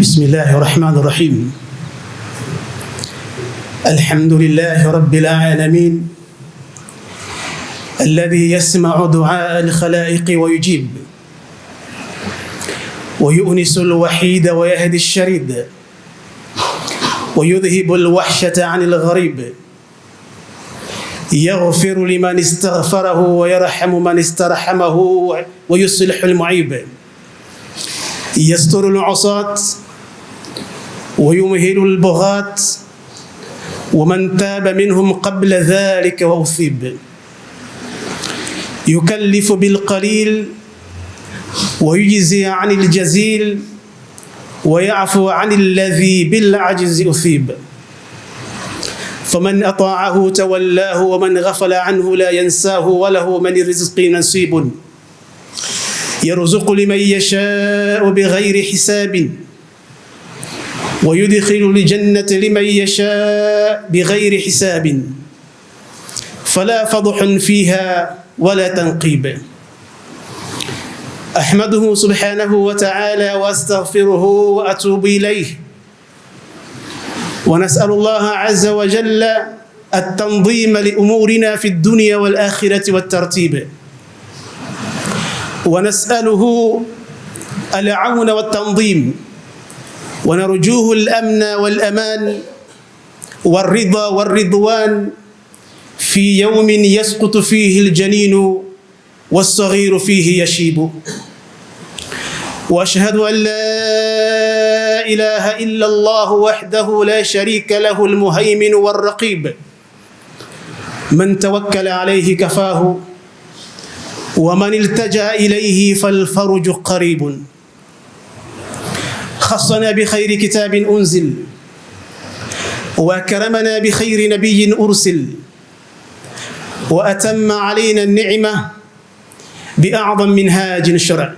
بسم الله الرحمن الرحيم الحمد لله رب العالمين الذي يسمع دعاء الخلائق ويجيب ويؤنس الوحيد ويهدي الشريد ويذهب الوحشة عن الغريب يغفر لمن استغفره ويرحم من استرحمه ويصلح المعيب يستر العصاة ويمهل البغاة ومن تاب منهم قبل ذلك وأصيب يكلف بالقليل ويجزي عن الجزيل ويعفو عن الذي بالعجز أصيب فمن أطاعه تولاه ومن غفل عنه لا ينساه وله من الرزق نصيب يرزق لمن يشاء بغير حساب ويدخل الجنة لمن يشاء بغير حساب فلا فضح فيها ولا تنقيب أحمده سبحانه وتعالى وأستغفره وأتوب إليه ونسأل الله عز وجل التنظيم لأمورنا في الدنيا والآخرة والترتيب ونسأله العون والتنظيم ونرجوه الامن والامان والرضا والرضوان في يوم يسقط فيه الجنين والصغير فيه يشيب واشهد ان لا اله الا الله وحده لا شريك له المهيمن والرقيب من توكل عليه كفاه ومن التجا اليه فالفرج قريب خصنا بخير كتاب أنزل وأكرمنا بخير نبي أرسل وأتم علينا النعمة بأعظم منهاج الشرع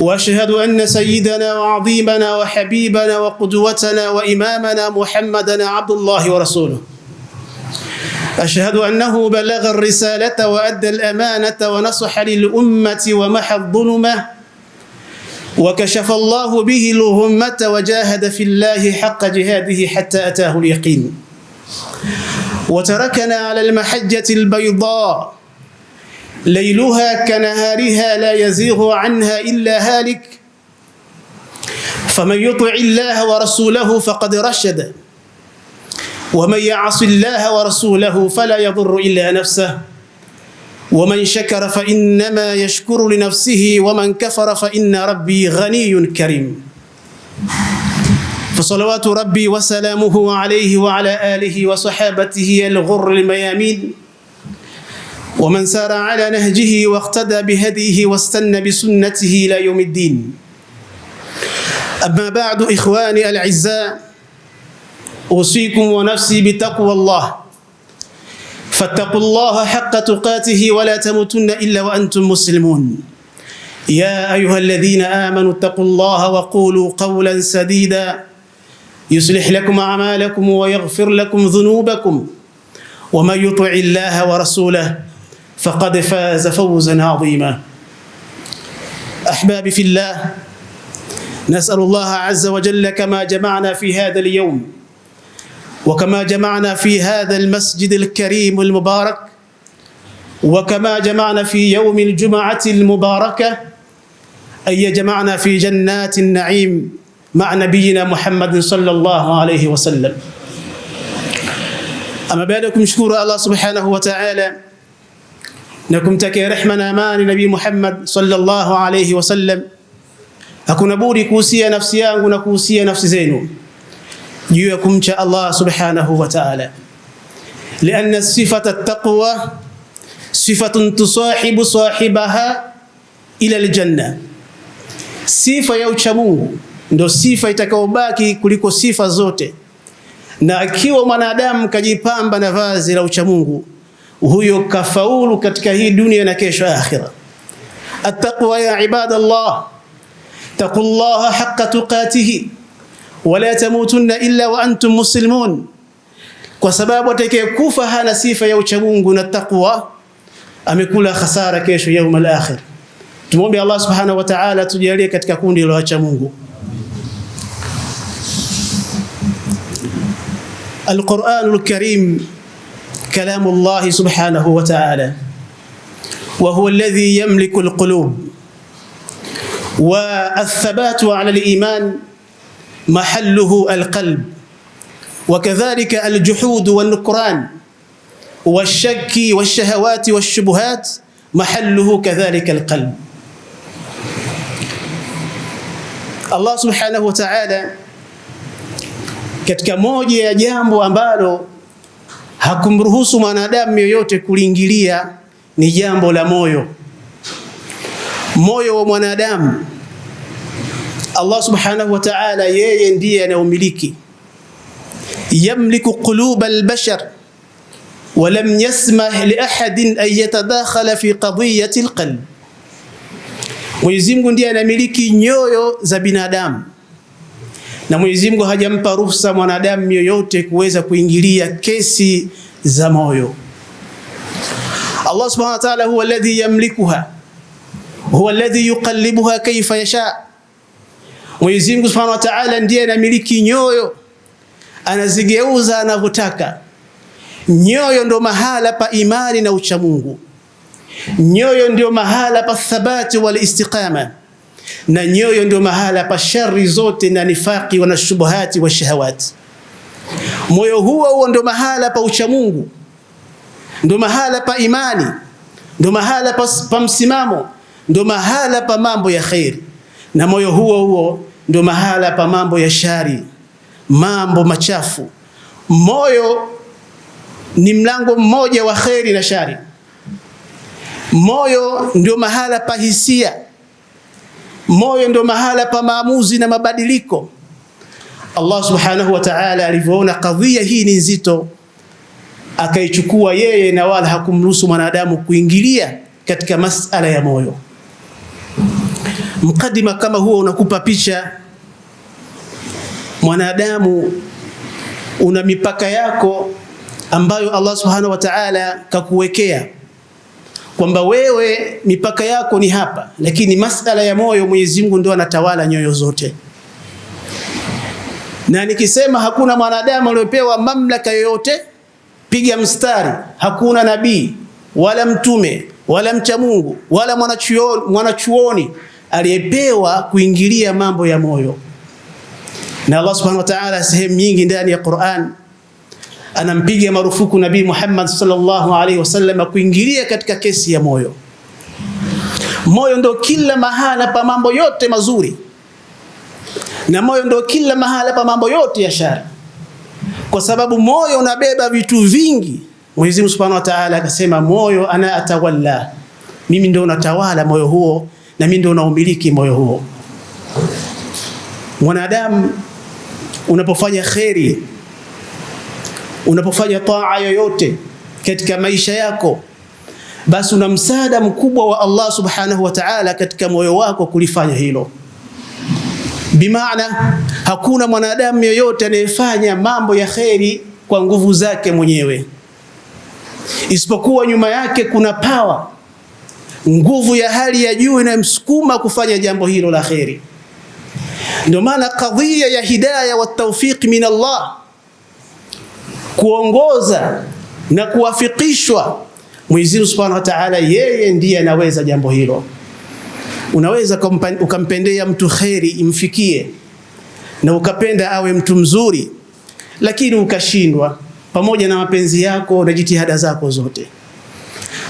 واشهد ان سيدنا وعظيمنا وحبيبنا وقدوتنا وامامنا محمدا عبد الله ورسوله اشهد انه بلغ الرساله وادى الامانه ونصح للامه ومحى الظلمه وكشف الله به الهمة وجاهد في الله حق جهاده حتى أتاه اليقين وتركنا على المحجة البيضاء ليلها كنهارها لا يزيغ عنها إلا هالك فمن يطع الله ورسوله فقد رشد ومن يعص الله ورسوله فلا يضر إلا نفسه ومن شكر فإنما يشكر لنفسه ومن كفر فإن ربي غني كريم فصلوات ربي وسلامه عليه وعلى آله وصحابته الغر الميامين ومن سار على نهجه واقتدى بهديه واستنى بسنته إلى يوم الدين أما بعد إخواني الأعزاء أوصيكم ونفسي بتقوى الله فاتقوا الله حق تقاته ولا تموتن الا وانتم مسلمون يا ايها الذين امنوا اتقوا الله وقولوا قولا سديدا يصلح لكم اعمالكم ويغفر لكم ذنوبكم ومن يطع الله ورسوله فقد فاز فوزا عظيما احبابي في الله نسال الله عز وجل كما جمعنا في هذا اليوم وكما جمعنا في هذا المسجد الكريم المبارك وكما جمعنا في يوم الجمعة المباركة أي جمعنا في جنات النعيم مع نبينا محمد صلى الله عليه وسلم أما بعدكم شكور الله سبحانه وتعالى نكم تكي رحمنا مان نبي محمد صلى الله عليه وسلم أكون بوري كوسيا نفسي أنكو نكوسيا نفسي زينو juu ya kumcha Allah subhanahu wa ta'ala, lianna sifata taqwa sifatun tusahibu sahibaha ila aljanna, sifa ya uchamungu ndio sifa itakayobaki kuliko sifa zote. Na akiwa mwanadamu kajipamba na vazi la uchamungu, huyo kafaulu katika hii dunia na kesho akhira. Attaqwa ya ibadallah, taqullaha haqqa tuqatihi ولا تموتن إلا وأنتم مسلمون وسبب وسباب كوفا هانا سيفا يو تشمون التقوى أم يكون خسارة كيشو يوم الآخر تمومي الله سبحانه وتعالى تجاليك تكون لو تشمون القرآن الكريم كلام الله سبحانه وتعالى وهو الذي يملك القلوب والثبات على الإيمان محله القلب وكذلك الجحود والنكران والشك والشهوات والشبهات محله كذلك القلب Allah subhanahu wa ta'ala katika moja ya jambo ambalo hakumruhusu mwanadamu yoyote kuliingilia ni jambo la moyo. Moyo wa mwanadamu Allah subhanahu wa ta'ala yeye ndiye anayomiliki, yamliku quluba albashar wa lam yasmah li ahadin an yatadakhala fi qadiyati alqalb, Mwenyezi Mungu ndiye anamiliki nyoyo za binadamu na Mwenyezi Mungu hajampa ruhusa mwanadamu yoyote kuweza kuingilia kesi za moyo. Allah subhanahu wa ta'ala huwa alladhi yamlikuha huwa alladhi yuqallibuha kayfa yasha Mwenyezi Mungu Subhanahu wa Ta'ala ndiye anamiliki nyoyo, anazigeuza anavyotaka. Nyoyo ndio mahala pa imani na uchamungu, nyoyo ndio mahala pa thabati wal istiqama, na nyoyo ndio mahala pa shari zote na nifaki na shubuhati wa shahawati. Moyo huo huo ndio mahala pa uchamungu, ndio mahala pa imani, ndio mahala pa, pa msimamo, ndio mahala pa mambo ya khair, na moyo huo huo ndio mahala pa mambo ya shari, mambo machafu. Moyo ni mlango mmoja wa kheri na shari. Moyo ndio mahala pa hisia, moyo ndio mahala pa maamuzi na mabadiliko. Allah subhanahu wa ta'ala alivyoona kadhia hii ni nzito, akaichukua yeye na wala hakumruhusu mwanadamu kuingilia katika masala ya moyo. Mkadima kama huo unakupa picha. Mwanadamu una mipaka yako ambayo Allah subhanahu wa ta'ala kakuwekea kwamba wewe mipaka yako ni hapa, lakini masala ya moyo Mwenyezi Mungu ndio anatawala nyoyo zote. Na nikisema hakuna mwanadamu aliyopewa mamlaka yoyote, piga mstari. Hakuna nabii wala mtume wala mcha Mungu wala mwanachuoni aliyepewa kuingilia mambo ya moyo. Na Allah subhanahu wa ta'ala sehemu nyingi ndani ya Qur'an anampiga marufuku Nabii Muhammad sallallahu alaihi wasallam kuingilia katika kesi ya moyo. Moyo ndo kila mahala pa mambo yote mazuri, na moyo ndo kila mahala pa mambo yote ya shari, kwa sababu moyo unabeba vitu vingi. Mwenyezi Mungu subhanahu wa ta'ala akasema, moyo ana atawalla, mimi ndo natawala moyo huo na mimi ndio naumiliki moyo huo. Mwanadamu unapofanya kheri, unapofanya taa yoyote katika maisha yako, basi una msaada mkubwa wa Allah subhanahu wa ta'ala katika moyo wako kulifanya hilo. Bimaana, hakuna mwanadamu yoyote anayefanya mambo ya kheri kwa nguvu zake mwenyewe, isipokuwa nyuma yake kuna pawa nguvu ya hali ya juu inayomsukuma kufanya jambo hilo la kheri. Ndio maana kadhia ya hidaya wa tawfiq min Allah, kuongoza na kuwafikishwa, Mwenyezi Mungu Subhanahu wa Ta'ala, yeye ndiye anaweza jambo hilo. Unaweza ukampendea mtu kheri imfikie na ukapenda awe mtu mzuri, lakini ukashindwa pamoja na mapenzi yako na jitihada zako zote.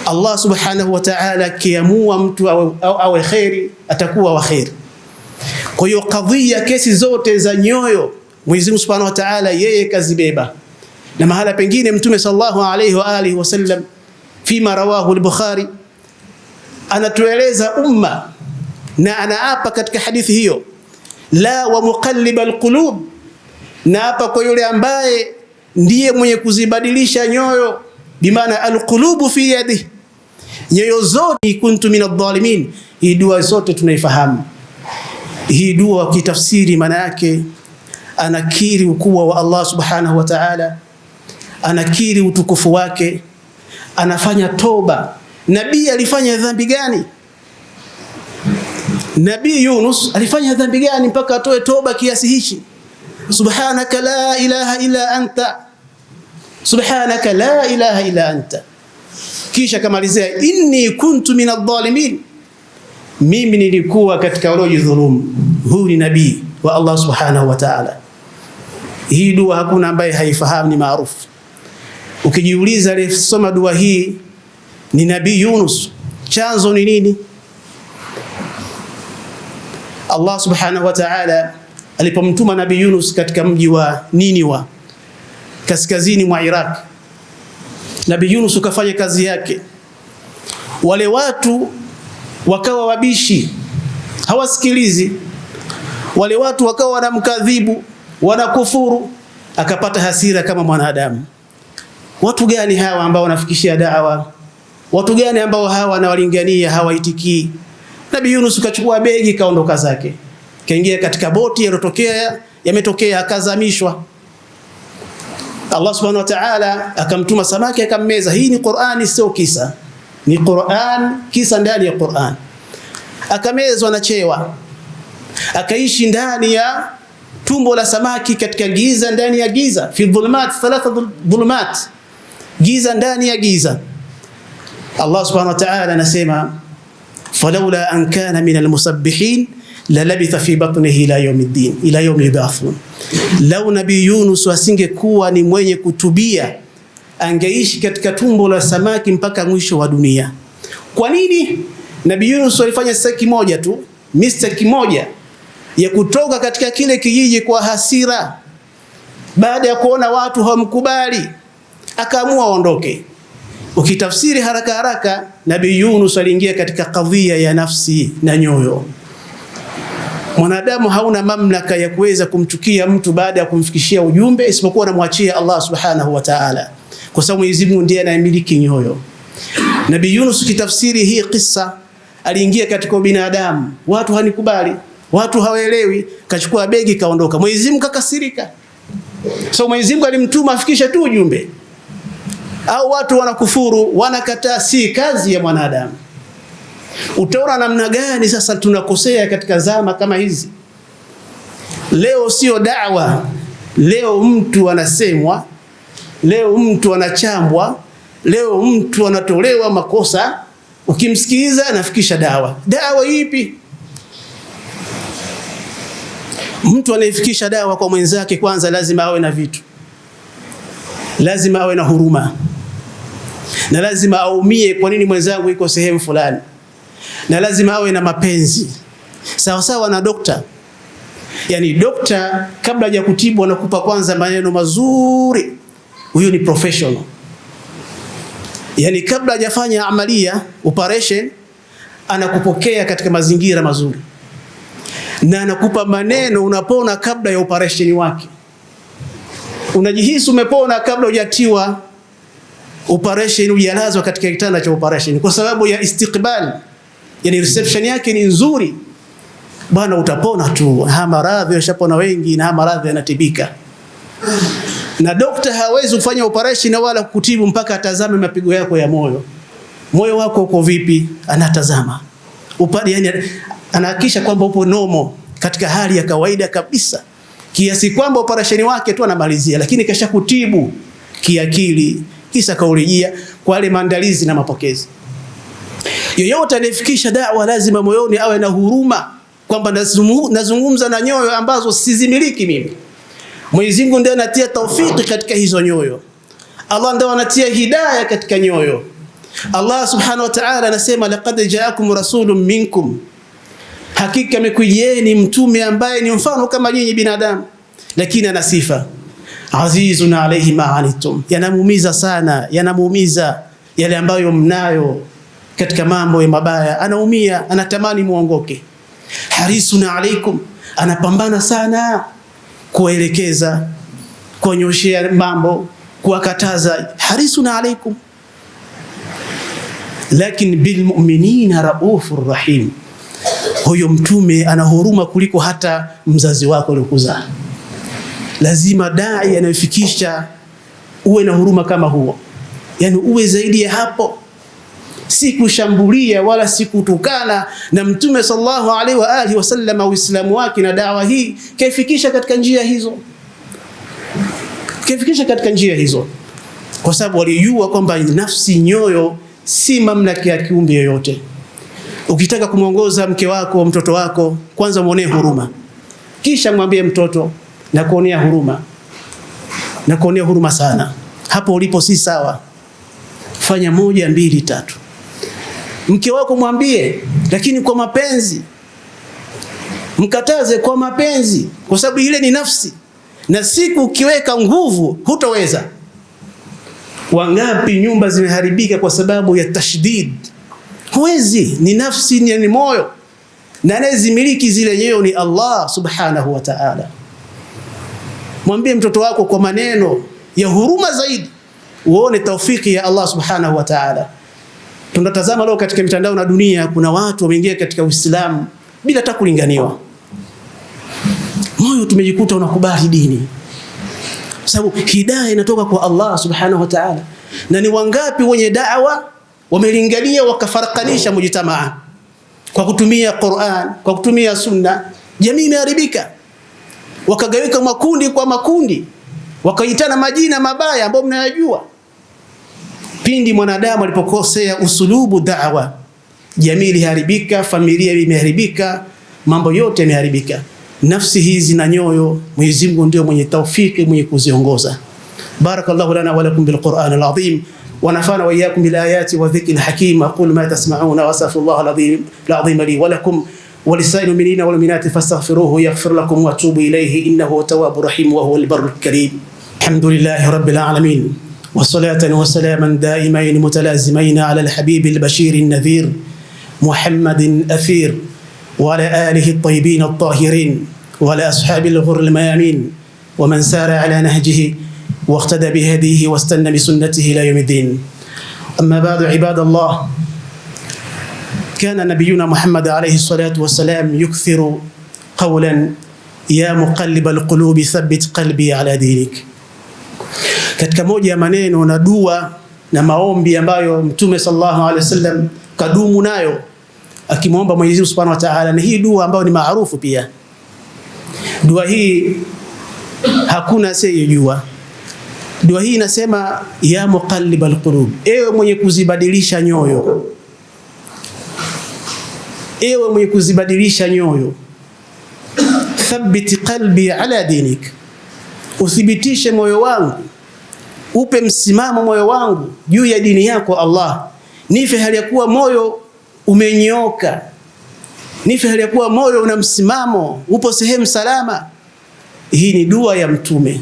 Allah subhanahu wa ta'ala akiamua mtu awe kheri atakuwa wa kheri. Kwa hiyo kadhia, kesi zote za nyoyo Mwenyezi Mungu subhanahu wa ta'ala yeye kazibeba, na mahala pengine Mtume sallallahu alayhi wa alihi wasallam fima rawahu al-Bukhari anatueleza umma na anaapa katika hadithi hiyo, la wa muqallib al-qulub, na hapa kwa yule ambaye ndiye mwenye kuzibadilisha nyoyo, bimaana al-qulubu fi yadihi nyoyo zote, kuntu minadh-dhalimin. Hii dua zote tunaifahamu hii dua, kitafsiri maana yake anakiri ukubwa wa Allah subhanahu wa ta'ala, anakiri utukufu wake, anafanya toba. Nabii alifanya dhambi gani? Nabii Yunus alifanya dhambi gani mpaka atoe toba kiasi hichi? Subhanaka la ilaha illa anta, subhanaka la ilaha illa anta kisha kamalizia inni kuntu minadh-dhalimin, mimi nilikuwa katika waliojidhulumu. Huyu ni nabii wa Allah subhanahu wa ta'ala. Hii dua hakuna ambaye haifahamu, ni maarufu. Ukijiuliza aliyesoma dua hii ni Nabii Yunus, chanzo ni nini? Allah subhanahu wa ta'ala alipomtuma Nabii Yunus katika mji wa Niniwa kaskazini mwa Iraq Nabii Yunus ukafanya kazi yake, wale watu wakawa wabishi, hawasikilizi wale watu wakawa wanamkadhibu, wanakufuru, akapata hasira kama mwanadamu. Watu gani hawa ambao wanafikishia dawa? Watu gani ambao hawa wanawalingania, hawaitikii? Nabii Yunus kachukua begi kaondoka zake, kaingia katika boti yalotokea yametokea, akazamishwa. Allah subhanahu wa ta'ala akamtuma samaki akammeza. Hii ni Qur'ani, sio kisa, ni Qur'an, kisa ndani ya Qur'an. Akamezwa na chewa, akaishi ndani ya tumbo la samaki, katika giza ndani ya giza, fi dhulumat thalatha dhulumat, giza ndani ya giza. Allah subhanahu wa ta'ala anasema, falaula an kana min almusabbihin lalabitha fi batnihi ila yaumiddin ila yaumi yubathun. Lau Nabii Yunus asingekuwa ni mwenye kutubia, angeishi katika tumbo la samaki mpaka mwisho wa dunia. Kwa nini Nabii Yunus alifanya saki moja tu, mistake moja ya kutoka katika kile kijiji kwa hasira, baada ya kuona watu hawamkubali akaamua aondoke. Ukitafsiri haraka haraka, Nabii Yunus aliingia katika kadhia ya nafsi na nyoyo Mwanadamu hauna mamlaka ya kuweza kumchukia mtu baada ya kumfikishia ujumbe isipokuwa anamwachia Allah subhanahu wa ta'ala, kwa sababu Mwenyezi Mungu ndiye anayemiliki nyoyo. Nabii Yunus kitafsiri hii kisa, aliingia katika binadamu, watu hanikubali, watu hawaelewi, kachukua begi kaondoka. Mwenyezi Mungu kakasirika. So Mwenyezi Mungu alimtuma afikishe tu ujumbe, au watu wanakufuru, wanakataa, si kazi ya mwanadamu. Utaona namna gani sasa tunakosea katika zama kama hizi. Leo sio dawa, leo mtu anasemwa, leo mtu anachambwa, leo mtu anatolewa makosa, ukimsikiliza anafikisha dawa. Dawa ipi? Mtu anayefikisha dawa kwa mwenzake, kwanza lazima awe na vitu, lazima awe na huruma na lazima aumie. Kwa nini mwenzangu iko sehemu fulani? na lazima awe na mapenzi sawasawa na dokta. Yani dokta kabla ya kutibu anakupa kwanza maneno mazuri, huyu ni professional. Yani kabla hajafanya amalia operation, anakupokea katika mazingira mazuri na anakupa maneno, unapona kabla ya operation wake, unajihisi umepona kabla hujatiwa operation, hujalazwa katika kitanda cha operation kwa sababu ya istiqbal yani reception yake ni nzuri, bwana, utapona tu, ha maradhi yashapona wengi, na maradhi yanatibika. Na dokta hawezi kufanya operation wala kutibu mpaka atazame mapigo yako ya moyo, moyo wako uko vipi, anatazama upande, yani anahakikisha kwamba upo nomo katika hali ya kawaida kabisa, kiasi kwamba operation wake tu anamalizia, lakini kisha kutibu kiakili, kisa kaurejea kwa yale maandalizi na mapokezi. Yoyote anayefikisha dawa lazima moyoni awe na huruma kwamba nazungumza na nyoyo ambazo sizimiliki mimi. Mwenyezi Mungu ndiye anatia taufiki katika hizo nyoyo. Allah ndiye anatia hidayah katika nyoyo. Allah subhanahu wa ta'ala anasema laqad ja'akum rasulun minkum, hakika amekujieni mtume ambaye ni mfano kama nyinyi binadamu, lakini ana sifa azizun alayhi ma anittum, yanamuumiza sana, yanamuumiza yale ambayo mnayo katika mambo ya mabaya, anaumia, anatamani muongoke. Harisun alaikum, anapambana sana kuwaelekeza, kuwanyoshea mambo, kuwakataza. Harisun alaikum lakin bilmuminina raufur rahim. Huyo mtume ana huruma kuliko hata mzazi wako aliyokuzaa. Lazima dai anayofikisha uwe na huruma kama huo, yani uwe zaidi ya hapo si kushambulia wala si kutukana, na Mtume sallallahu alaihi wa alihi wasallama Uislamu wake na dawa hii kaifikisha katika njia hizo, kaifikisha katika njia hizo, kwa sababu walijua kwamba nafsi, nyoyo si mamlaka ya kiumbe yoyote. Ukitaka kumwongoza mke wako, mtoto wako, kwanza mwonee huruma, kisha mwambie mtoto, na kuonea huruma, na kuonea huruma sana. Hapo ulipo si sawa, fanya moja, mbili, tatu mke wako mwambie, lakini kwa mapenzi mkataze kwa mapenzi, kwa sababu ile ni nafsi, na siku ukiweka nguvu hutoweza. Wangapi nyumba zimeharibika kwa sababu ya tashdid? Huwezi, ni nafsi, ni moyo, na anayezimiliki zile nyoyo ni Allah subhanahu wa ta'ala. Mwambie mtoto wako kwa maneno ya huruma zaidi, uone taufiki ya Allah subhanahu wa ta'ala. Tunatazama leo katika mitandao na dunia, kuna watu wameingia katika Uislamu bila hata kulinganiwa, moyo tumejikuta unakubali dini, sababu hidayah inatoka kwa Allah subhanahu wa ta'ala. Na ni wangapi wenye da'wa wamelingania wakafarakanisha mujtamaa kwa kutumia Qur'an, kwa kutumia Sunna, jamii imeharibika, wakagawika makundi kwa makundi, wakaitana majina mabaya ambayo mnayajua. Pindi mwanadamu alipokosea usulubu da'wa, jamii iliharibika, familia imeharibika, mambo yote yameharibika. Nafsi hizi na nyoyo, Mwenyezi Mungu ndio mwenye taufiki, mwenye kuziongoza. Barakallahu lana wa lakum bil Qur'an al azim wa nafa'ana wa iyyakum bil ayati wa dhikri al hakim. Aqulu ma tasma'una wa astaghfirullah al azim al azim li wa lakum wa lisa'il mu'minina wal mu'minati fastaghfiruhu yaghfir lakum wa tubu ilayhi innahu tawwabur rahim wa huwal barrul karim. Alhamdulillahi rabbil alamin. وصلاة وسلاما دائمين متلازمين على الحبيب البشير النذير محمد أثير وعلى آله الطيبين الطاهرين وعلى أصحاب الغر الميامين ومن سار على نهجه واقتدى بهديه واستنى بسنته إلى يوم الدين أما بعد عباد الله كان نبينا محمد عليه الصلاة والسلام يكثر قولا يا مقلب القلوب ثبت قلبي على دينك Katika moja ya maneno na dua na maombi ambayo Mtume sallallahu alaihi wasallam kadumu nayo akimwomba Mwenyezi Mungu Subhanahu wa Ta'ala, na hii dua ambayo ni maarufu pia. Dua hii hakuna asiyejua. Dua hii inasema ya muqallibal qulub, ewe mwenye kuzibadilisha nyoyo, ewe mwenye kuzibadilisha nyoyo, thabbit qalbi ala dinik uthibitishe moyo wangu, upe msimamo moyo wangu juu ya dini yako Allah, nife hali ya kuwa moyo umenyoka nife hali ya kuwa moyo una msimamo, upo sehemu salama. Hii ni dua ya Mtume,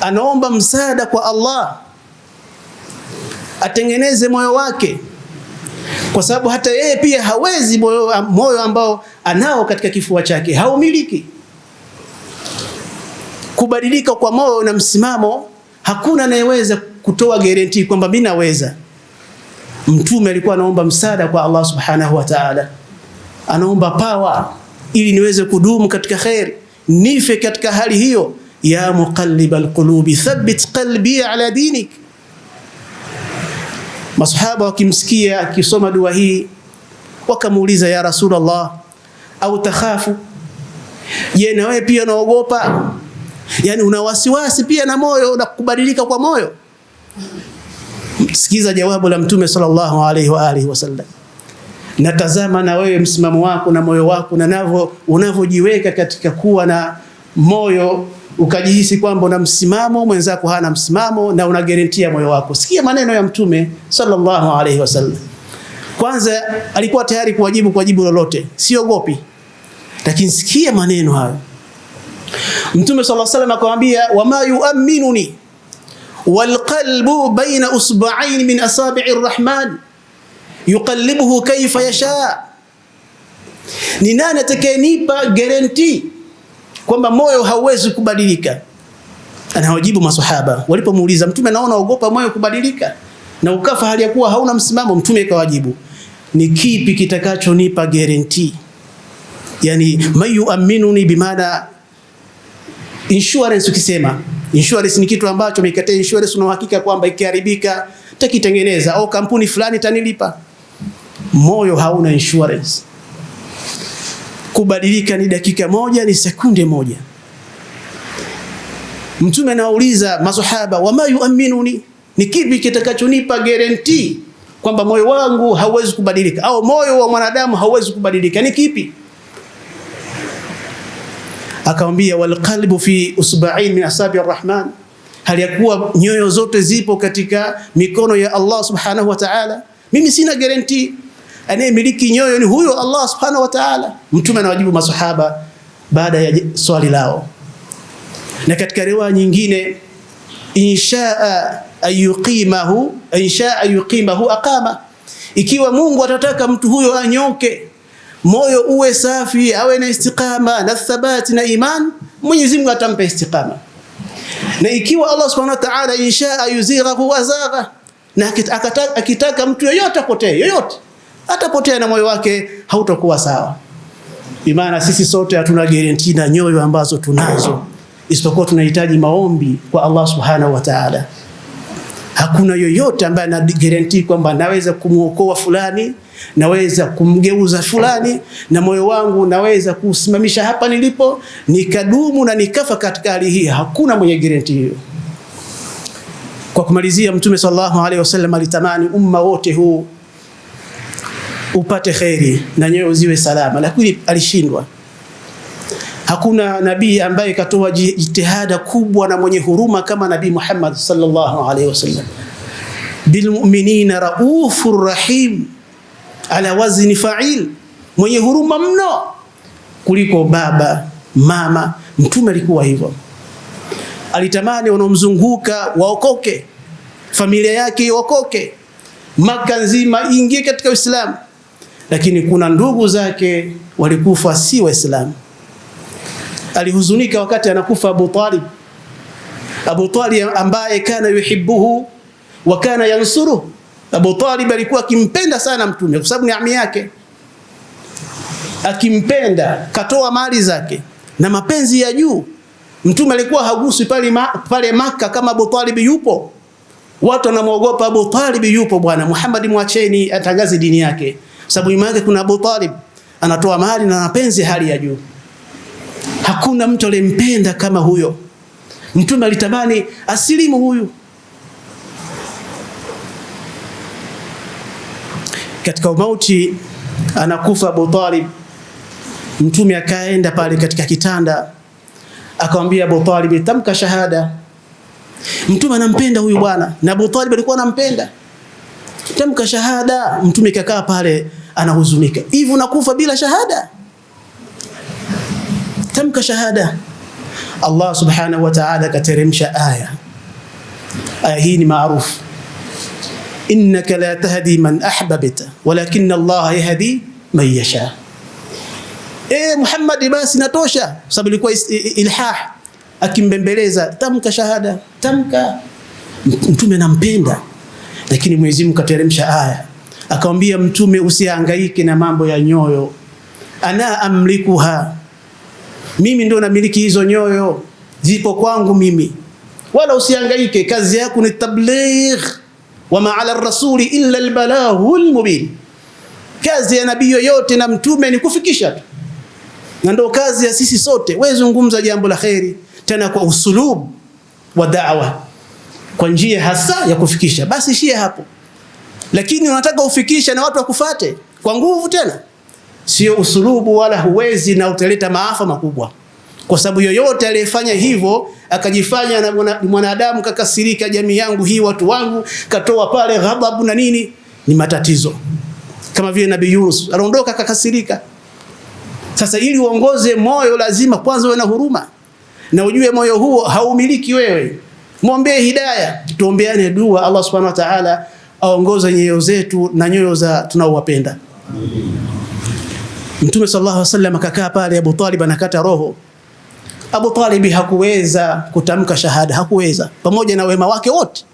anaomba msaada kwa Allah atengeneze moyo wake, kwa sababu hata yeye pia hawezi moyo, moyo ambao anao katika kifua chake haumiliki kubadilika kwa moyo na msimamo, hakuna anayeweza kutoa guarantee kwamba mimi naweza. Mtume alikuwa anaomba msaada kwa Allah subhanahu wa ta'ala, anaomba pawa ili niweze kudumu katika khair, nife katika hali hiyo. Ya muqallibal qulubi thabbit qalbi ala dinik. Masahaba wakimsikia akisoma dua hii wakamuuliza, ya Rasulullah, au takhafu, je, na wewe pia unaogopa? Yaani una wasiwasi pia na moyo na kubadilika kwa moyo. Sikiza jawabu la Mtume sallallahu alaihi wa alihi wasallam. Natazama na wewe msimamo wako na moyo wako na unavyojiweka katika kuwa na moyo ukajihisi kwamba una msimamo, mwenzako hana msimamo, na unagerentia moyo wako. Sikia maneno ya Mtume sallallahu alaihi wasallam. Kwanza alikuwa tayari kuwajibu kwa jibu lolote, siogopi. Lakini sikia maneno hayo Mtume sallallahu alaihi wasallam akamwambia, wama yuaminuni walqalbu baina usba'ain min asabi'i rrahman yuqallibuhu kayfa yasha, ni nani atakayenipa garanti kwamba moyo hauwezi kubadilika? Anawajibu maswahaba walipomuuliza Mtume, naona ogopa moyo kubadilika na ukafa hali ya kuwa hauna msimamo. Mtume akawajibu, ni kipi kitakachonipa guarantee? Yani mayu mayuaminuni bimaana Insurance ukisema insurance ni kitu ambacho mikate insurance, una uhakika kwamba ikiharibika takitengeneza au kampuni fulani tanilipa. Moyo hauna insurance. Kubadilika ni dakika moja, ni sekunde moja. Mtume anawauliza masahaba, wama yuaminuni, ni kipi kitakachonipa guarantee kwamba moyo wangu hauwezi kubadilika au moyo wa mwanadamu hauwezi kubadilika? Ni kipi? akamwambia walqalbu fi usba'in min asabi arrahman, hali ya kuwa nyoyo zote zipo katika mikono ya Allah subhanahu wa ta'ala. Mimi sina guarantee, anayemiliki nyoyo ni huyo Allah subhanahu wa ta'ala. Mtume anawajibu masahaba baada ya swali lao, na katika riwaya nyingine inshaa ayuqimahu inshaa ayuqimahu aqama, ikiwa Mungu atataka mtu huyo anyoke moyo uwe safi, awe na istiqama na thabati na iman, Mwenyezi Mungu atampa istiqama. Na ikiwa Allah Subhanahu wa Ta'ala insha yuzighahu azagha, na akitaka, mtu yoyote apotee yoyote atapotea na moyo wake hautakuwa sawa. Bimaana sisi sote hatuna guarantee na nyoyo ambazo tunazo, isipokuwa tunahitaji maombi kwa Allah Subhanahu wa Ta'ala. Hakuna yoyote ambaye ana guarantee kwamba naweza kumwokoa fulani, naweza kumgeuza fulani, na moyo wangu naweza kusimamisha hapa nilipo nikadumu na nikafa katika hali hii. Hakuna mwenye guarantee hiyo. Kwa kumalizia, Mtume sallallahu alaihi wasallam alitamani umma wote huu upate kheri na nyoyo ziwe salama, lakini alishindwa. Hakuna nabii ambaye katoa jitihada kubwa na mwenye huruma kama Nabii Muhammad sallallahu alaihi wasallam. Bilmuminina raufur rahim, ala wazni fa'il, mwenye huruma mno kuliko baba mama. Mtume alikuwa hivyo, alitamani wanaomzunguka waokoke, familia yake iokoke, Maka nzima iingie katika Uislamu, lakini kuna ndugu zake walikufa si Waislamu alihuzunika wakati anakufa Abu Talib. Abu Talib ambaye kana yuhibbuhu wa kana yansuru. Abu Talib alikuwa akimpenda sana Mtume kwa sababu ni ami yake, akimpenda katoa mali zake na mapenzi ya juu. Mtume alikuwa hagusi pale pale Maka kama Abu Talib yupo, watu wanamwogopa Abu Talib yupo, bwana Muhammad mwacheni atangaze dini yake, sababu nyuma yake kuna Abu Talib anatoa mali na mapenzi hali ya juu. Hakuna mtu aliyempenda kama huyo. Mtume alitamani asilimu huyu. Katika umauti anakufa Abu Talib. Mtume akaenda pale katika kitanda akamwambia Abu Talib, tamka shahada. Mtume anampenda huyu bwana na Abu Talib alikuwa anampenda. Tamka shahada. Mtume kakaa pale anahuzunika, hivi unakufa bila shahada? tamka shahada. Allah subhanahu wa ta'ala akateremsha aya. Aya hii ni maarufu, innaka la tahdi man ahbabta walakin Allah yahdi man yasha. E Muhammad, basi natosha, sababu ilikuwa ilhah akimbembeleza, tamka shahada, tamka. Mtume anampenda, lakini Mwenyezi Mungu kateremsha aya akamwambia Mtume, usihangaike na mambo ya nyoyo, ana amlikuha mimi ndio namiliki hizo nyoyo, zipo kwangu mimi, wala usihangaike. Kazi yako ni tabligh, wama ala rasuli illa albalahul almubin. Kazi ya nabii yoyote na mtume ni kufikisha tu, na ndio kazi ya sisi sote. Wewe zungumza jambo la kheri, tena kwa usulub wa da'wa, kwa njia hasa ya kufikisha, basi shie hapo. Lakini unataka ufikisha na watu wakufate kwa nguvu tena sio usulubu wala huwezi, na utaleta maafa makubwa, kwa sababu yoyote aliyefanya hivyo akajifanya na mwanadamu kakasirika, jamii yangu hii, watu wangu, katoa pale ghadhabu na nini, ni matatizo. Kama vile Nabii Yunus aliondoka kakasirika. Sasa ili uongoze moyo, lazima kwanza uwe na huruma na ujue moyo huo haumiliki wewe. Mwombee hidaya, tuombeane dua. Allah subhanahu wa ta'ala aongoze nyoyo zetu na nyoyo za tunaowapenda. Mtume sallallahu alaihi wasallam akakaa pale, Abu Talib anakata roho. Abu Talib hakuweza kutamka shahada, hakuweza, pamoja na wema wake wote,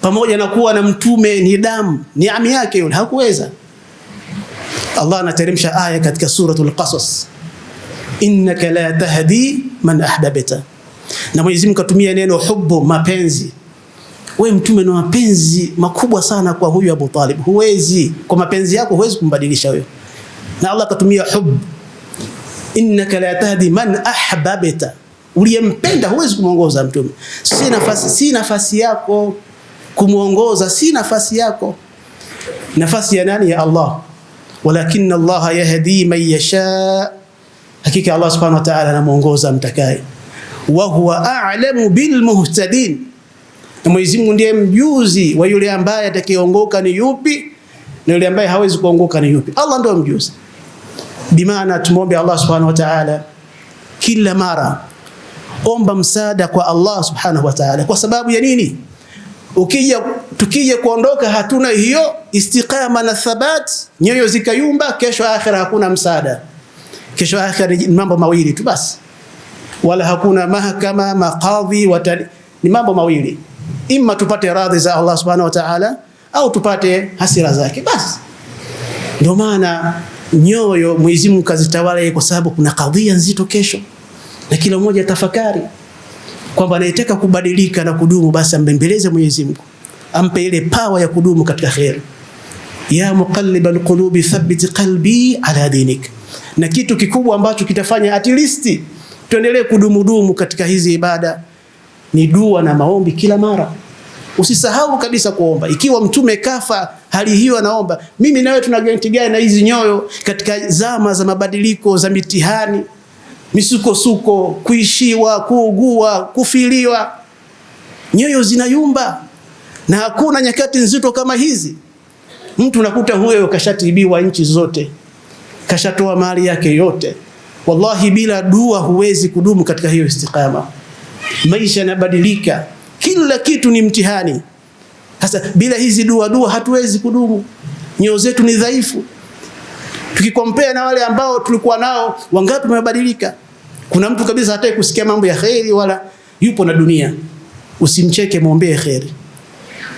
pamoja na kuwa na mtume ni damu, ni ami yake yule, hakuweza. Allah anateremsha aya katika suratul Qasas, innaka la tahdi man ahbabta, na Mwenyezi Mungu katumia neno hubbu, mapenzi We mtume na mapenzi makubwa sana kwa huyu Abu Talib, huwezi kwa mapenzi yako huwezi kumbadilisha wewe na Allah akatumia hub, innaka la tahdi man ahbabta, uliyempenda huwezi kumwongoza mtume. Si nafasi, si nafasi yako kumwongoza, si nafasi yako. Nafasi ya nani? Ya Allah. Walakin Allah yahdi man yasha, hakika Allah subhanahu wa ta'ala anamuongoza mtakaye. Wa huwa a'lamu bil muhtadin, na Mwenyezi Mungu ndiye mjuzi wa yule ambaye atakayeongoka ni yupi na yule ambaye hawezi kuongoka ni yupi. Allah ndio mjuzi. Bimaana tumwombe Allah subhanahu wa ta'ala kila mara, omba msaada kwa Allah subhanahu wa ta'ala. Kwa sababu ya nini? Ukija tukija kuondoka hatuna hiyo istiqama na thabat, nyoyo zikayumba, kesho akhira hakuna msaada. Kesho akhira ni mambo mawili tu basi, wala hakuna mahakama maqadhi watali, ni mambo mawili, imma tupate radhi za Allah subhanahu wa ta'ala au tupate hasira zake basi. Ndio maana nyoyo Mwenyezi Mungu kazitawala, kwa sababu kuna kadhia nzito kesho, na kila mmoja tafakari kwamba anayetaka kubadilika na kudumu, basi ambembeleze Mwenyezi Mungu, ampe ile pawa ya kudumu katika kheri. Ya muqallibal qulubi thabbit qalbi ala dinik. Na kitu kikubwa ambacho kitafanya at least tuendelee kudumudumu katika hizi ibada ni dua na maombi kila mara. Usisahau kabisa kuomba. Ikiwa mtume kafa hali hiyo anaomba, mimi nawe tuna genti gani na hizi nyoyo katika zama za mabadiliko, za mitihani, misukosuko, kuishiwa, kuugua, kufiliwa, nyoyo zinayumba, na hakuna nyakati nzito kama hizi. Mtu nakuta huyo kashatibiwa nchi zote, kashatoa mali yake yote. Wallahi, bila dua huwezi kudumu katika hiyo istiqama. Maisha yanabadilika, kila kitu ni mtihani. Sasa bila hizi dua dua hatuwezi kudumu, nyoyo zetu ni dhaifu. Tukikompea na wale ambao tulikuwa nao, wangapi wamebadilika? Kuna mtu kabisa hataki kusikia mambo ya kheri, wala yupo na dunia. Usimcheke, mwombee kheri.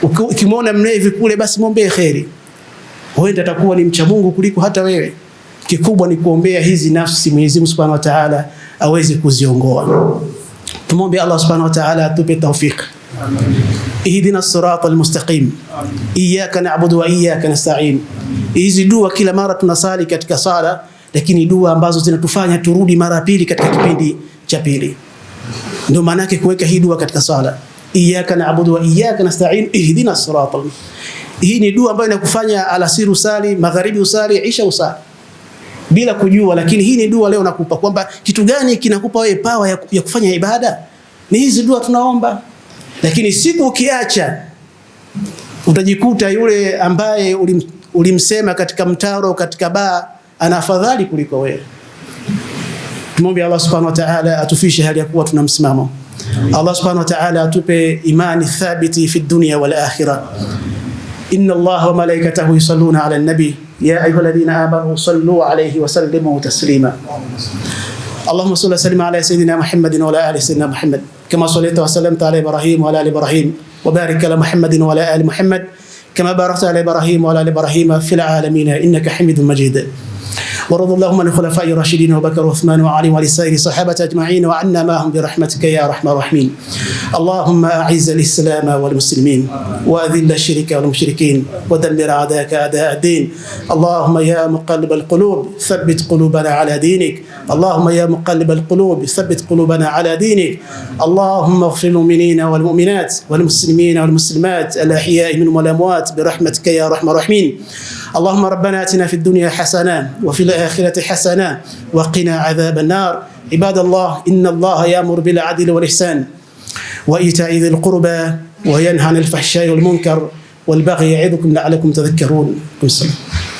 Ukimwona mlevi kule, basi mwombee kheri, huenda atakuwa ni mcha Mungu kuliko hata wewe. Kikubwa ni kuombea hizi nafsi, Mwenyezi Mungu Subhanahu wa Ta'ala aweze kuziongoa. Tumwombe Allah Subhanahu wa Ta'ala atupe tawfik ihdina sirata almustaqim iyaka na'budu wa iyaka nasta'in. Hizi dua kila mara tunasali katika sala, lakini dua ambazo zinatufanya turudi mara pili katika kipindi cha pili. Ndio maana yake kuweka hii dua katika sala, iyaka na'budu wa iyaka nasta'in ihdina sirata. Hii ni dua ambayo inakufanya alasiri usali, magharibi usali, isha usali bila kujua, lakini hii ni dua leo nakupa kwamba kitu gani kinakupa wewe power ya kufanya ibada. Ni hizi dua tunaomba lakini siku ukiacha utajikuta yule ambaye ulim, ulimsema katika mtaro, katika baa ana afadhali kuliko wewe. Tumombe Allah subhanahu wa ta'ala atufishe hali ya kuwa tuna msimamo. Allah subhanahu wa ta'ala atupe imani thabiti fi dunya wal akhirah. Inna Allah wa malaikatahu yusalluna ala nabi ya ayyuhalladhina amanu sallu alayhi wa sallimu taslima. Allahumma salli wa sallim ala sayidina Muhammadin wa ala ali sayidina Muhammad كما صليت وسلمت على إبراهيم وعلى آل إبراهيم وبارك على محمد وعلى آل محمد كما باركت على إبراهيم وعلى آل إبراهيم في العالمين إنك حميد مجيد ورضى اللهم عن الخلفاء الراشدين ابو بكر وعثمان وعلي ولسائر الصحابه اجمعين وعنا معهم برحمتك يا ارحم الراحمين اللهم اعز الاسلام والمسلمين واذل الشرك والمشركين ودمر اعداءك اعداء الدين اللهم يا مقلب القلوب ثبت قلوبنا على دينك اللهم يا مقلب القلوب ثبت قلوبنا على دينك اللهم اغفر المؤمنين والمؤمنات والمسلمين والمسلمات الاحياء منهم والاموات برحمتك يا ارحم الراحمين اللهم ربنا اتنا في الدنيا حسنه وفي الآخرة حسنة وقنا عذاب النار عباد الله إن الله يأمر بالعدل والإحسان وإيتاء ذي القربى وينهى عن الفحشاء والمنكر والبغي يعظكم لعلكم تذكرون والسلام